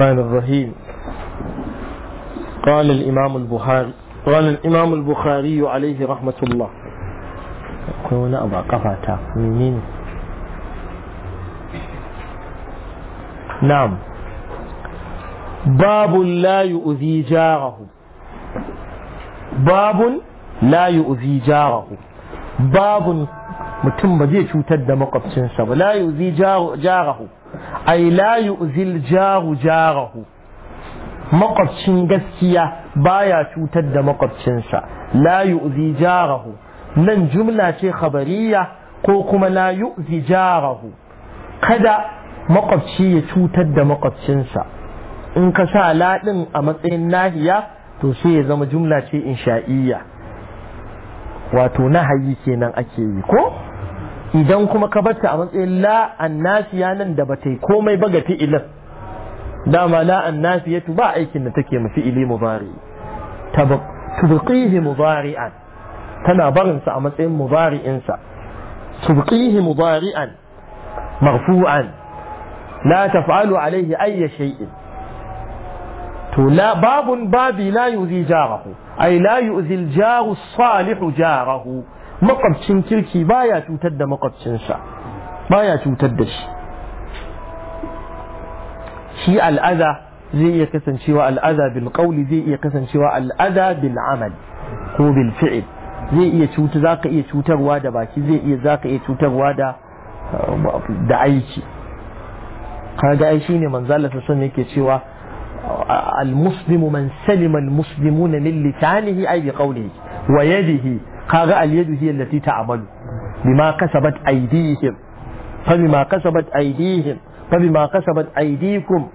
الرحمن الرحيم قال الإمام البخاري قال الإمام البخاري عليه رحمة الله كون أبا قفاتا منين نعم باب لا يؤذي جاره باب لا يؤذي جاره باب متم بزي cutar da makwabcinsa ba la جاره, جاره. ai la yu'zil jaru jarahu makwabcin gaskiya baya cutar da makwabcinsa la yu'zi jarahu nan jumla ce khabariya ko kuma la yu'zi jarahu kada maƙwabci ya cutar da makwabcinsa in ka sa la din a matsayin nahiya to sai ya zama jumla ce insha'iyya wato nahayi kenan ake yi ko idan kuma ka batta a matsayin la annasi ya nan da ba yi komai ba ga fi'ilin dama la annasi ya ba aikin da take mu fi'ili mubari tubqihi mubari'an tana barin sa a matsayin mubari'in sa tubqihi mubari'an marfu'an la taf'alu alayhi ayya shay'in to la babun babi la yuzi jarahu ay la yuzil al jaru salih jarahu makwabcin kirki baya cutar da makwabcinsa baya cutar da shi shi al'aza zai iya kasancewa al'aza bil qawli zai iya kasancewa al'aza bil amal ko bil fi'l zai iya cuta zaka iya cutarwa da baki zai iya zaka iya cutarwa da da aiki kaga ai shine manzo Allah sallallahu alaihi wasallam yake cewa al muslimu man salima al muslimuna min lisanihi ay bi qawlihi wa yadihi kaga aliyadu yadu hiya allati ta'malu bima kasabat aydihim fa bima kasabat aydihim fa bima kasabat aydikum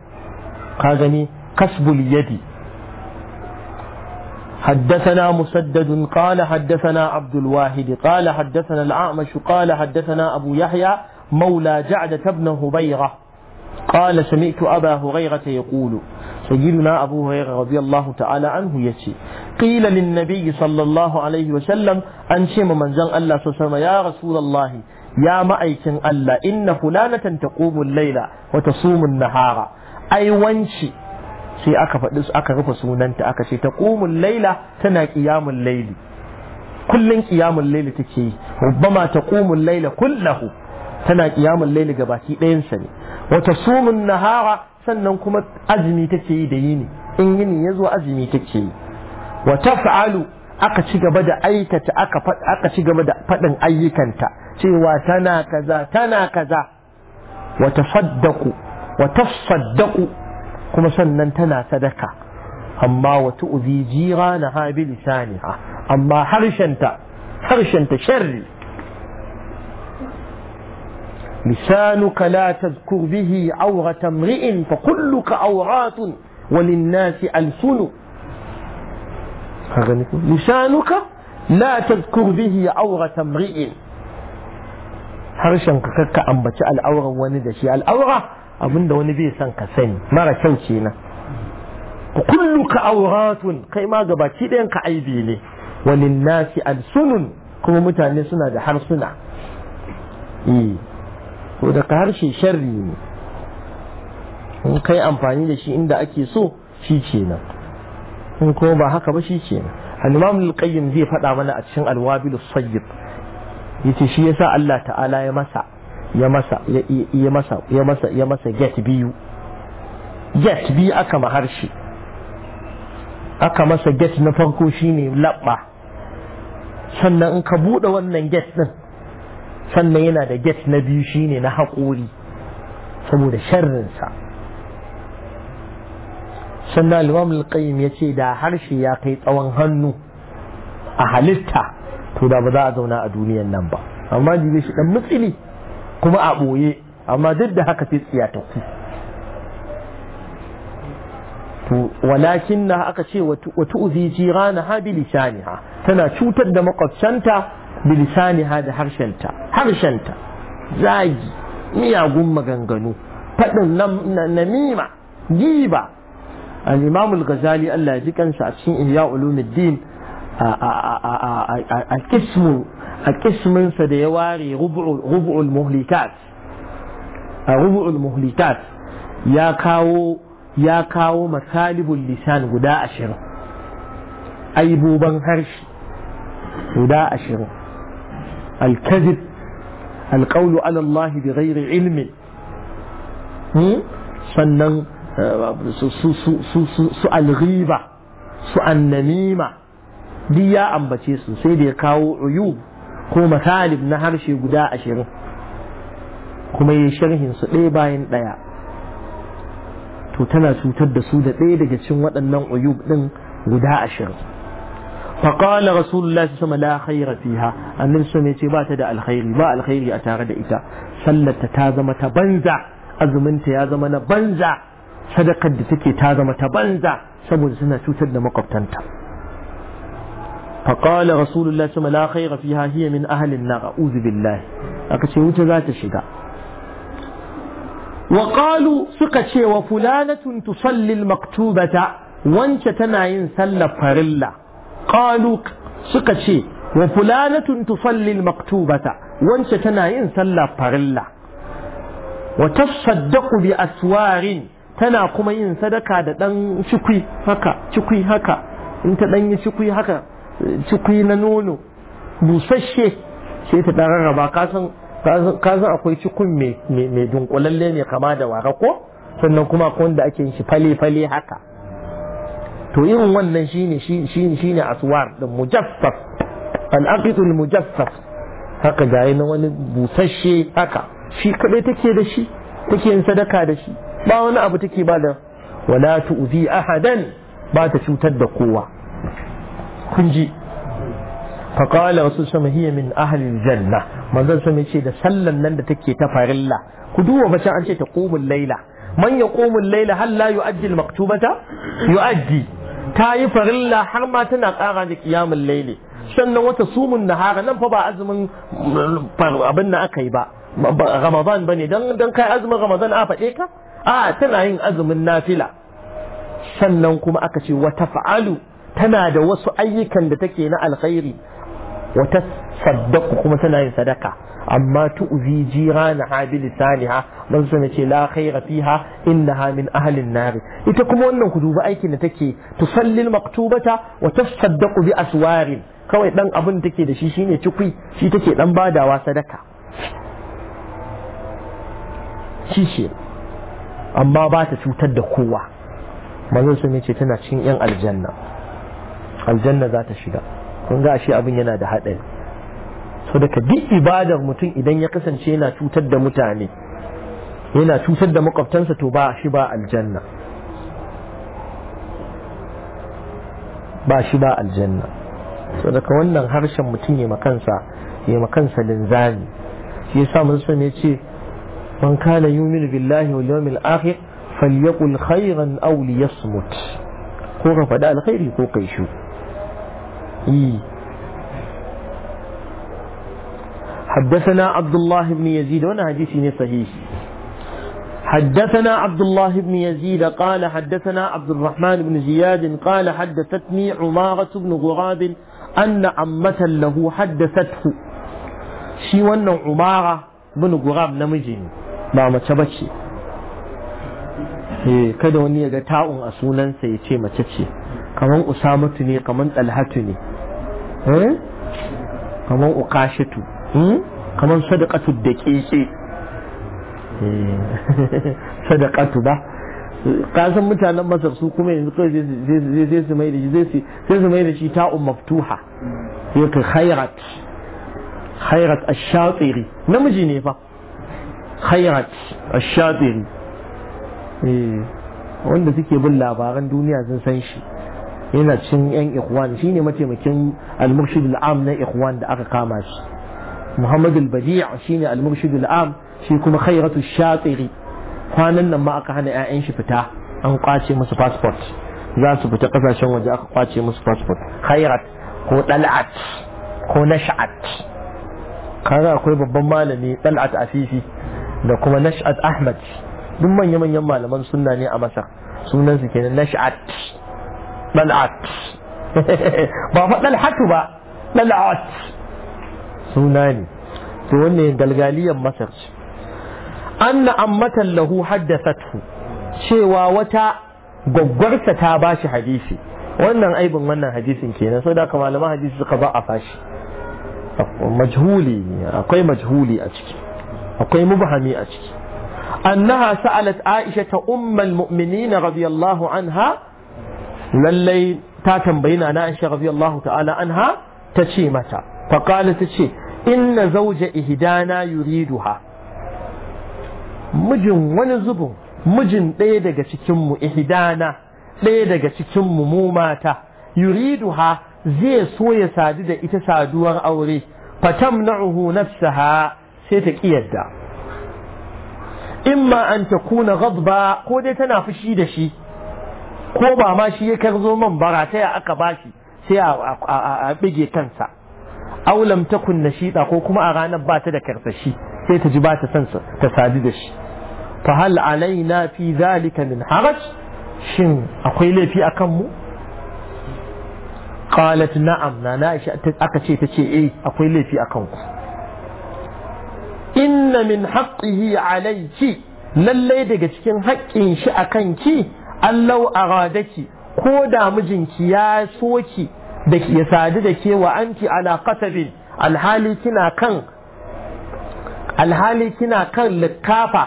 ka gani kasbul yadi حدثنا مسدد قال حدثنا عبد الواحد قال حدثنا الأعمش قال حدثنا أبو يحيى مولى جعدة بن هبيرة قال سمعت أبا هريرة يقول سيدنا أبو هريرة رضي الله تعالى عنه يسي قيل للنبي صلى الله عليه وسلم أن شيم من زن الله سوسم يا رسول الله يا مأيكن الله إن فلانة تقوم الليل وتصوم النهار أي وانشي sai aka faɗi aka rufe sunanta aka ce ta ƙumun laila tana ƙiyamun laili kullum ƙiyamun laili take yi rubbama ta ƙumun laila kullahu tana ƙiyamun laili ga baki ɗayansa ne wata sumun nahara sannan kuma azumi take yi da yini in yini ya zo azumi take yi wa taf'alu aka ci gaba da aikata aka ci gaba da faɗin ayyukanta cewa tana kaza tana kaza wa tafaddaku wa tafsaddaku kuma sannan tana sadaka amma wa tu'zi jiranaha bi lisaniha amma harshenta harshenta sharri لسانك لا تذكر به عورة امرئ فكلك عورات وللناس ألسنك ka gani ko lisanuka la tazkur bihi harshen ka kakka ambaci al'auran wani da shi al'aura abinda wani bai san ka sani mara kyau kenan ka auratun kai ma gabaki ɗayan ka aibi ne wani nasi alsunun kuma mutane suna da harsuna eh ko daga harshe sharri ne in kai amfani da shi inda ake so shi kenan in kuma ba haka ba shi ke al-imam al zai faɗa mana a cikin al-wabil sayyib yace shi yasa Allah ta'ala ya masa ya masa ya masa ya masa ya masa get biyu get biyu aka maharshi aka masa get na farko shine labba sannan in ka buɗe wannan get ɗin. sannan yana da get na biyu shine na haƙori saboda sharrinsa sannan al-imam al-qayyim yace da harshe ya kai tsawon hannu a halitta to da ba za a zauna a duniyan nan ba amma jibe shi dan mutsili kuma a boye amma duk da haka sai tsiya ta ku to walakin na aka ce wa tu'zi jiranaha bi lisaniha tana cutar da makwabcanta bi lisaniha da harshenta harshenta zagi miyagun maganganu faɗin namima giba الإمام الغزالي الله يجزيك أن سأسين إلياء علوم الدين آه، آه، آه، القسم القسم سديواري ربع ربع المهلكات ربع المهلكات يا كاو يا كاو مثالب اللسان غدا أشر أي بوبان هرش غدا أشر الكذب القول على الله بغير علم سنن su alghiba su annamima duk ya ambace su sai da ya kawo uyub ko matalib na harshe guda ashirin kuma ya sharhin su ɗaya bayan ɗaya to tana cutar da su da ɗaya daga cikin waɗannan uyub ɗin guda ashirin فقال رسول الله صلى الله عليه وسلم لا خير فيها النبي صلى الله عليه وسلم بات دا الخير با الخير أتارد إتا سلت تازمة بنزع أزمنت يا بنزع sadakar da take ta zama ta banza saboda suna cutar da makwabtanta فقال رسول الله صلى الله عليه وسلم لا خير فيها هي من أهل النار أعوذ بالله أكتشي وجه ذات الشقاء وقالوا سكتشي وفلانة تصلي المكتوبة وانت تنعين سل فرلا قالوا سكتشي وفلانة تصلي المكتوبة وانت تنعين سل فرلا وتصدق بأسوار tana kuma yin sadaka da ɗan cikwi haka cikwi haka in ta ɗan yi cikwi haka cikwi na nono busashe, sai ta ɗan rarraba kasan kasan akwai cikun mai dunkulalle mai kama da wara ko sannan kuma akwai wanda ake yin shi fale-fale haka to irin wannan shine shine aswar din mujaffaf al-aqitul mujaffaf haka ga na wani busasshe haka shi kadai take da shi take yin sadaka da shi ba wani abu take ba da wala tu'zi ahadan ba ta cutar da kowa kun ji fa rasul فقال رسول الله هي من أهل الجنة من ذا سمي شيء ده سلا نند تكي تفر الله كدوه بس عن شيء تقوم الليلة من يقوم hal la yu'addi almaktubata yu'addi ta yi farilla har ma tana ƙara da qiyamul laili sannan wata sumun nahara nan fa ba azumin abin nan aka yi ba ramadan bane dan dan kai azumin ramadan a faɗe ka a tana yin azumin nafila sannan kuma aka ce wata fa'alu tana da wasu ayyukan da take na alkhairi wata saddaku kuma tana yin sadaka amma tu'zi jira ha bi lisaniha man sun ce la khaira fiha innaha min ahli an ita kuma wannan ku duba aikin da take tufallin maktubata wa saddaku bi aswarin kawai dan abin da take da shi shine cikwi shi take dan badawa sadaka shi amma ba ta cutar da kowa manzon su ne ce tana cikin yan aljanna aljanna za ta shiga kun ga ashe abin yana da haɗari so daga duk ibadar mutum idan ya kasance yana cutar da mutane yana cutar da makwabtansa to ba shi ba aljanna ba shi ba aljanna so daga wannan harshen mutum ya makansa ya makansa linzami shi yasa mun so ne ce من كان يؤمن بالله واليوم الآخر فليقل خيرا أو ليصمت كوكا فداء الخير كوكا يشو حدثنا عبد الله بن يزيد وانا حديثي صحيح حدثنا عبد الله بن يزيد قال حدثنا عبد الرحمن بن زياد قال حدثتني عمارة بن غراب أن عمة له حدثته شي ون عمارة بن غراب نمجن ba mace ba ce eh, kada wani ya ga ta'un a sunansa ya ce mace ce kamar usamatu ne kamar talhatu ne kamar ukashitu kamar sadaqatu da keke eh, sadaqatu ba kasan mutanen masar su kuma yanzu kawai zai su mai da shi ta'un maftuha yake khairat khairat a shatiri namiji ne fa khairat ash-shatiri eh, wanda suke bin labaran duniya sun san shi yana cin yan ikhwan shine mataimakin al-murshid al-am na ikhwan da aka kama shi muhammad al-badi' shine al-murshid al-am shi kuma khairatu shatiri kwanan nan ma aka hana 'ya'yan shi fita an kwace musu passport za su fita kasashen waje aka kwace musu passport khairat ko dal'at ko nash'at kaga akwai babban malami dal'at sisi. da kuma nash'at ahmad duk manya-manyan malaman suna ne a masar sunan su kenan nash'at dal'at ba fa dal'atu ba dal'at suna ne to wannan galgaliyan masar ce anna ammatan lahu haddathathu cewa wata gwaggwarsa ta ba shi hadisi wannan aibin wannan hadisin kenan da haka malaman hadisi suka ba a fashi majhuli akwai majhuli a ciki akwai mubhami a ciki annaha sa'alat aisha ta ummul mu'minina radiyallahu anha lallai ta tambayi na aisha radiyallahu ta'ala anha ta ce mata faqala ta ce inna zawja ihdana yuriduha mijin wani zubin mijin ɗaya daga cikinmu ihdana ɗaya daga cikinmu mu mata yuriduha zai so ya sadu da ita saduwar aure fatamna'uhu nafsaha sai ta ƙi in imma an ta kuna gadba ko dai tana fushi da shi ko ba ma shi ya karzo man bara ta ya aka bashi sai a bige kansa aulam ta kunna shiɗa ko kuma a ranar ba ta da karsashi sai ta ji ba ta son ta sadu da shi fa hal alaina fi zalika min haraj shin akwai laifi akan mu qalat na'am na na aka ce ta ce eh akwai laifi akan ku inna min haqqihi alayki lallai daga cikin haƙƙin shi a kanki allau aradaki ko da mijinki ya soki da ya sadu da ke wa anti ala qatabin alhali kina kan alhali kina kan likafa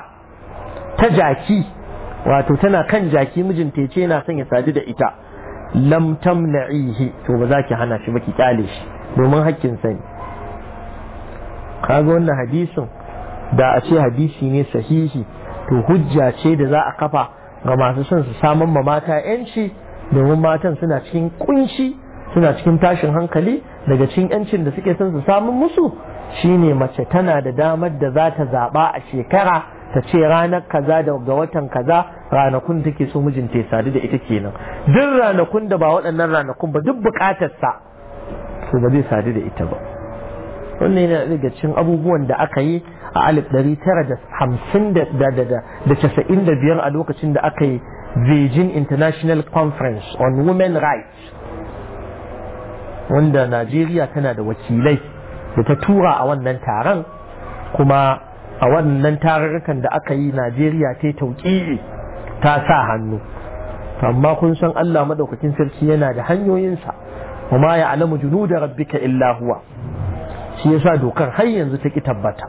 ta jaki wato tana kan jaki mijinta ya ce yana son ya sadu da ita lam tamna'ihi to ba za ki hana shi ba ki kyale shi domin haƙƙin sani kaga wannan hadisin da a ce hadisi ne sahihi to hujja ce da za a kafa ga masu son su samun ma mata yanci domin matan suna cikin kunshi suna cikin tashin hankali daga cikin yancin da suke son su samun musu shine mace tana da damar da za ta zaɓa a shekara ta ce ranar kaza da ga watan kaza ranakun take so mijinta ya sadu da ita kenan duk ranakun da ba waɗannan ranakun ba duk buƙatarsa to ba zai sadu da ita ba wannan yana daga cikin abubuwan da aka yi a alif ɗari tara da hamsin da casa'in da biyar a lokacin da aka yi Beijing International Conference on Women Rights wanda Najeriya tana da wakilai da ta tura a wannan taron kuma a wannan tarurrukan da aka yi Najeriya ta yi tauƙi ta sa hannu amma kun san Allah madaukakin sarki yana da hanyoyinsa alamu junu da rabbika illa huwa shi yasa dokar har yanzu ta ki tabbata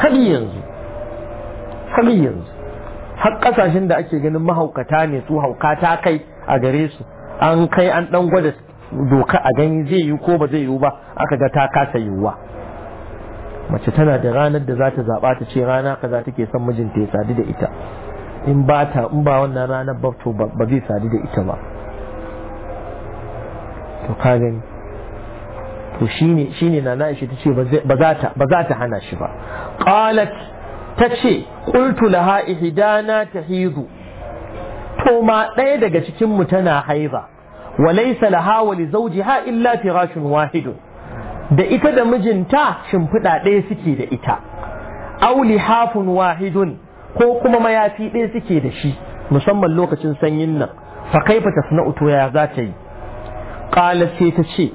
har yanzu har yanzu har kasashen da ake ganin mahaukata ne su hauka ta kai a gare su an kai an ɗan gwada doka a gani zai yi ko ba zai yiwu ba aka ga ta kasa yiwuwa mace tana da ranar da za ta zaɓa ta ce rana kaza take son mijinta ya sadu da ita in ba ta in ba wannan ranar ba ba zai sadu da ita ba to ka gani to shine shine na na shi tace ba za ba za ta hana shi ba qalat tace qultu laha ihdana tahidu to ma ɗaya daga cikin mu tana haiba laysa laha wa li zawjiha illa firashun wahidun da ita da mijinta shimfiɗa ɗaya suke da ita auli hafun wahidun ko kuma mayafi ɗaya suke da shi musamman lokacin sanyin nan fa kaifa tasna'u to ya za ta yi qalat sai ta ce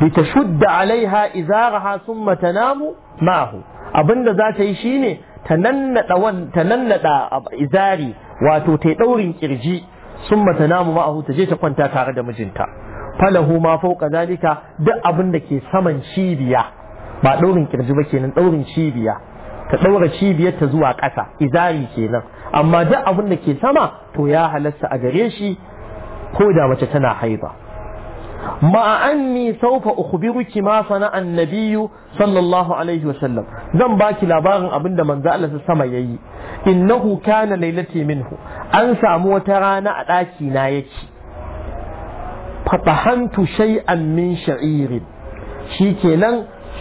litashudda alaiha izaraha summa tanamu ma'ahu abinda za ta yi shine ta nannada izari wato ta daurin kirji summa namu ma'ahu ta je ta kwanta tare da mijinta falahu ma fauka zalika duk abin ke saman cibiya ba daurin kirji ba kenan daurin cibiya ta daura cibiyar ta zuwa ƙasa izari kenan amma duk abin da ke sama to ya halasta a gare shi ko da mace tana haiba ma'a anni saufa ukhbiruki ma sana annabiyyu sallallahu alaihi wa sallam zan baki labarin abinda manzo Allah sa sama yayi innahu kana lailati minhu an samu wata rana a daki na yake fatahantu shay'an min sha'irin shikenan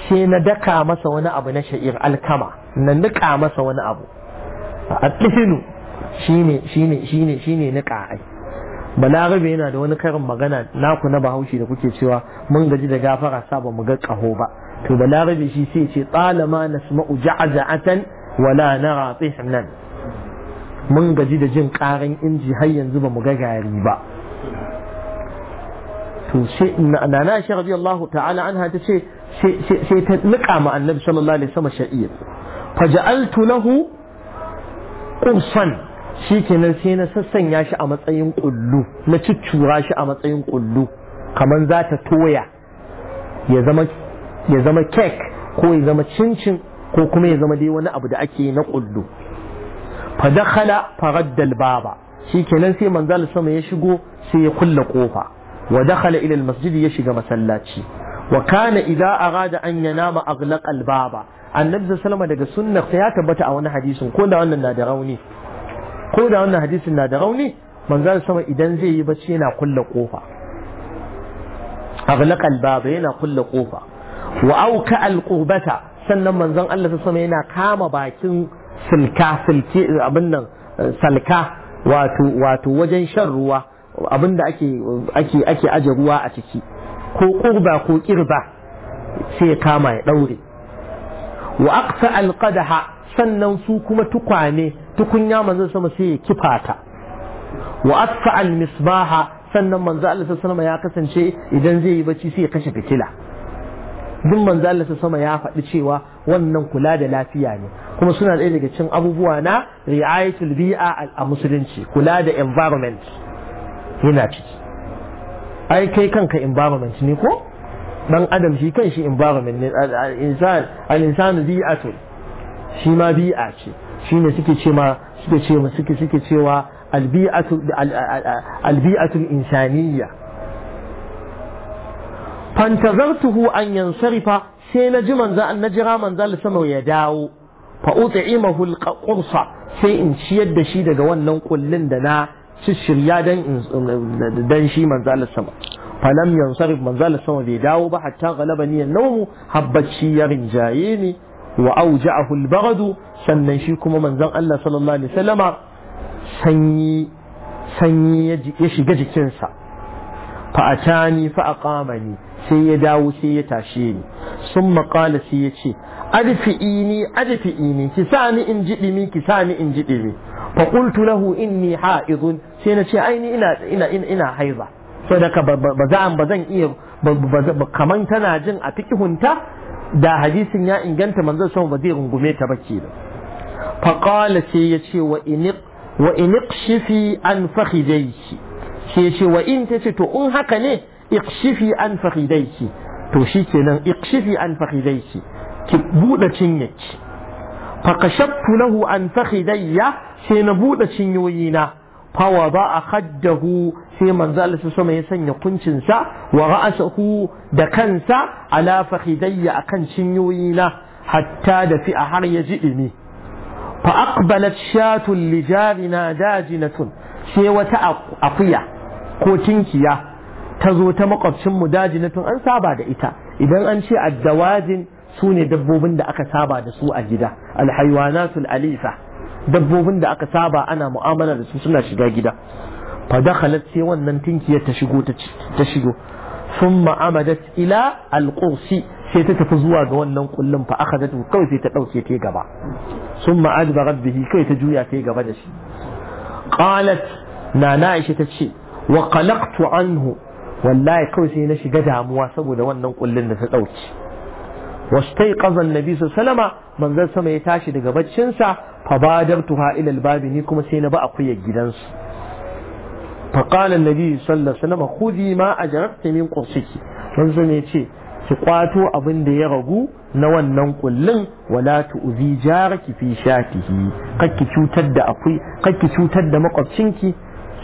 sai na daka masa wani abu na sha'ir alkama na nika masa wani abu a shine shine shine shine nika ai balarabe yana da wani karin magana naku na bahaushe da kuke cewa mun gaji da gafara saba ba mu ga kaho ba to balarabe shi sai ce talama nasma'u ja'za'atan wala nara tihnan mun gaji da jin karan inji har yanzu ba mu ga gari ba to sai nana shi radiyallahu ta'ala anha ta ce sai ta nika ma annabi sallallahu alaihi wasallam sha'ir faja'altu lahu qursan shi kenan sai na sassanya shi a matsayin ƙullu na cuccura shi a matsayin kullu kamar za ta toya ya zama kek ko ya zama cincin ko kuma ya zama dai wani abu da ake na kullu fa dakhala faraddal baba shi kenan sai manzal sama ya shigo sai ya kulla kofa wa dakhala ila almasjid ya shiga masallaci wa kana idza arada an yanama aghlaqa albaba annabi sallallahu alaihi wasallam daga sunnah ya tabbata a wani hadisin ko da wannan na da rauni ko da wannan hadisin na da rauni manzal sama idan zai yi bacci yana kulla kofa aghlaqa albaba yana kulla kofa wa auka alqubata sannan manzon Allah ta sama yana kama bakin silka silke abin nan salka wato wato wajen shan ruwa abin da ake ake ake aje ruwa a ciki ko kurba ko kirba sai ya kama ya daure wa aqsa alqadaha sannan su kuma tukwane tukunya manzon sama sai ya kifa ta. wa asfa al misbaha sannan manzo Allah sallallahu ya kasance idan zai yi bacci sai ya kashe fitila duk manzo Allah sama ya faɗi cewa wannan kula da lafiya ne kuma suna ɗaya daga cikin abubuwa na ri'ayatul bi'a a musulunci kula da environment yana ciki ai kai kanka environment ne ko dan adam shi kan shi environment ne al-insan al-insanu bi'atul shi ma bi'a ce shi ne suke ce ma suke ce ma suke suke cewa albi'atu albi'atu insaniyya fantazartuhu an yansarifa sai na ji manzo an najira manzo Allah sama ya dawo fa ut'imahu alqursa sai in ciyar da shi daga wannan kullun da na shirya dan dan shi manzo Allah sama falam yansarif manzo Allah sama bai dawo ba hatta galabani ni habbaci ya rinjaye ni wa auja'ahu al-baghd sannan shi kuma manzon Allah sallallahu alaihi wasallama sanyi sanyi ya shiga jikinsa fa atani fa aqamani sai ya dawo sai ya tashe ni sun maƙala sai ya ce adfi'ini adfi'ini ki sa ni in ji ɗimi ki sa ni in ji ɗimi fa qultu lahu inni ha'idun sai na ce ina ina ina haiza saboda ba zan ba zan iya kaman tana jin a fikihunta da hadisin ya inganta manzon sama ba zai rungume ta ba ke faƙala sai ya ce wa iniq wa iniq shifi an fakhidayki sai ya ce wa in ta ce to in haka ne iqshifi an fakhidayki to shi kenan iqshifi an fakhidayki ki buɗe ki. fakashaftu lahu an fakhidayya sai na buɗe cinyoyina فوضع خده في من ذال سسوم يسن يقنشن سا ورأسه دكن سا على فخدي أكنشن يوينا حتى دفع حري جئني فأقبلت شاة لجارنا داجنة شيوة أقيا كوتينكيا تزو تمقف شم داجنة أن سابع دئتا إذا أنشي الدواجن سوني دبوبن دا أكا سابع دسوء الجدا الحيوانات الأليفة dabbobin da aka saba ana mu'amala da su suna shiga gida fa dakhalat sai wannan tinkiyar ta shigo ta shigo thumma amadat ila alqursi sai ta tafi zuwa ga wannan kullun fa akhadat kawai sai ta dauke ta gaba thumma adbarat bihi kai ta juya ta gaba da shi qalat na aisha ta ce wa qalaqtu anhu wallahi kawai sai na shiga damuwa saboda wannan kullun da ta dauke واستيقظ النبي صلى الله عليه وسلم من ذا سما يتاشي daga baccin sa ha ila albab ni kuma sai na ba akuyar gidansu فقال النبي صلى الله عليه وسلم خذي ما أجرت من قرصك ya ce ki kwato abin da ya ragu na wannan kullun wala tu'zi jaraki fi shatihi kakki cutar da akui kakki cutar da makwabcinki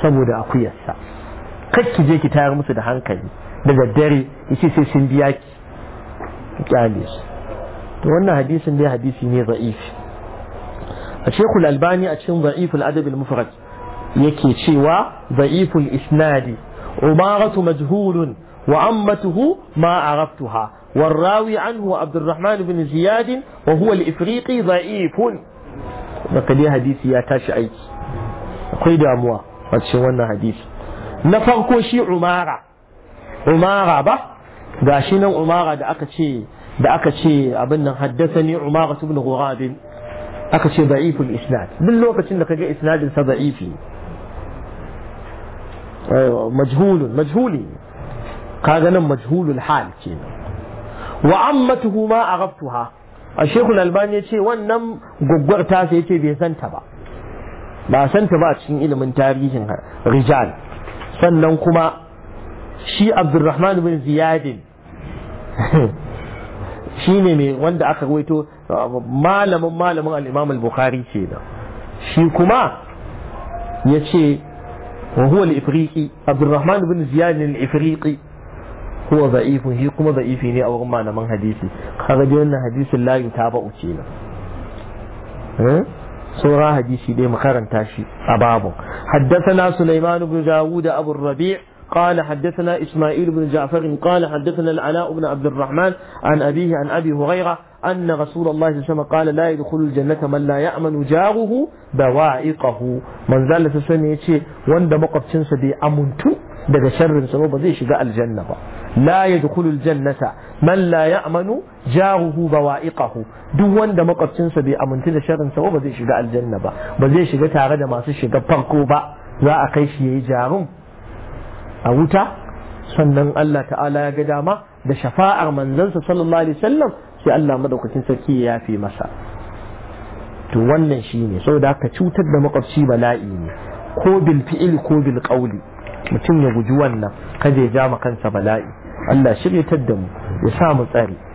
saboda akuyarsa kakki je ki tayar musu da hankali daga dare yace sai sun biya ki ku kyale su to wannan hadisin dai hadisi ne za'ifi a shekul albani a cikin adab al mufrad yake cewa za'iful isnadi umaratu majhulun وعمته ما عرفتها والراوي عنه عبد الرحمن بن زياد وهو الإفريقي ضعيف لقد حديثي يا تاشي أيك أخي داموا أتشوانا حديث نفرقو شي عمارة عمارة با gashi nan umara da aka ce da aka ce abin nan haddasani umara ibn ghurabin aka ce da'iful isnad duk lokacin da kaga isnadin sa da'ifi eh, majhulun majhuli kaga nan majhulul hal kenan wa ammatuhu ma aghaftuha a shekul albani ya ce wannan gwaggwar tasa sai ce bai santa ba ba santa ba cikin ilimin tarihin rijal sannan kuma shi abdurrahman bin ziyadin shi ne mai wanda aka waito malamin malamin al'imam al-bukhari ce da. shi kuma ya ce wa huwa al-ifriqi abdurrahman bin ziyad al-ifriqi huwa shi kuma za'ifi ne a wurin malaman hadisi kaga wannan hadisin layin ta ba uce na. Eh? saura hadisi dai mu karanta shi a babu na سليمان بن داود أبو الربيع قال حدثنا إسماعيل بن جعفر قال حدثنا العلاء بن عبد الرحمن عن أبيه عن أبي هريرة أن رسول الله صلى الله عليه وسلم قال لا يدخل الجنة من لا يأمن جاره بوائقه من ذا لسه سمي يتشي واند مقف شنس بي أمنتو دغ شر سبب زيش جاء الجنة لا يدخل الجنة من لا يأمن جاره بوائقه دو واند مقف شنس بي أمنتو دغ شر سبب زيش جاء الجنة بزيش جاء تعرض ما سيش جاء با ذا أقيش يجارم a wuta sannan Allah ta'ala ya ga dama da shafa'ar manzansa sallallahu alaihi wasallam sai Allah madaukakin sarki ya yafe masa to wannan shine saboda haka cutar da makwabci bala'i ne ko bil fi'il ko bil qawli mutum ya guji wannan kaje ya ja kansa bala'i Allah shiryatar da mu ya sa mu tsare